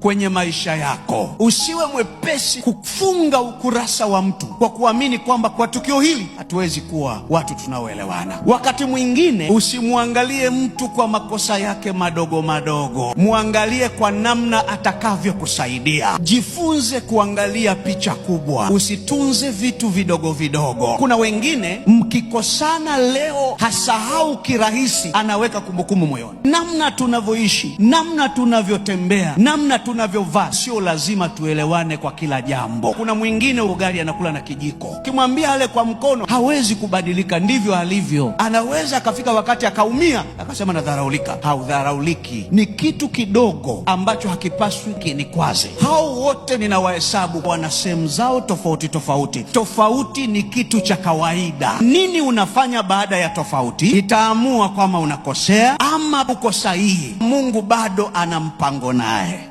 kwenye maisha yako. Usiwe mwepesi kufunga ukurasa wa mtu kwa kuamini kwamba kwa tukio hili hatuwezi kuwa watu tunaoelewana. Wakati mwingine usimwangalie mtu kwa makosa yake madogo madogo, mwangalie kwa namna atakavyokusaidia. Jifunze kuangalia picha kubwa, usitunze vitu vidogo vidogo. Kuna wengine mkikosana leo hasahau kirahisi, anaweka kumbukumbu moyoni. Namna tunavyoishi, namna tunavyotembea, namna tunavyovaa sio lazima tuelewane kwa kila jambo. Kuna mwingine ugali anakula na kijiko, ukimwambia ale kwa mkono hawezi kubadilika, ndivyo alivyo. Anaweza akafika wakati akaumia akasema nadharaulika. Haudharauliki, ni kitu kidogo ambacho hakipaswi kinikwaze. Hao wote ninawahesabu, wana sehemu zao tofauti tofauti. Tofauti ni kitu cha kawaida. Nini unafanya baada ya tofauti itaamua kwama unakosea ama uko sahihi. Mungu bado ana mpango naye.